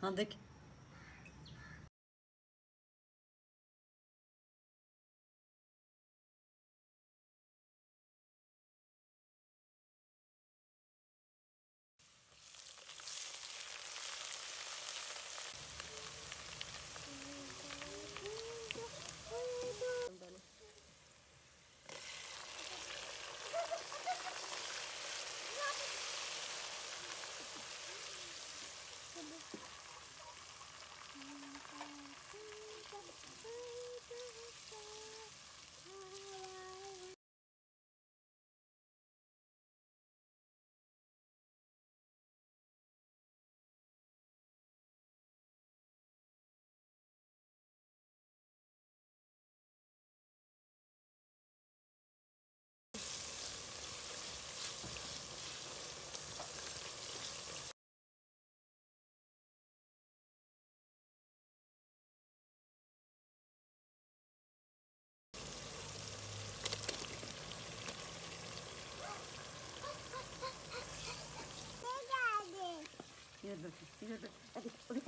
Han hade okay.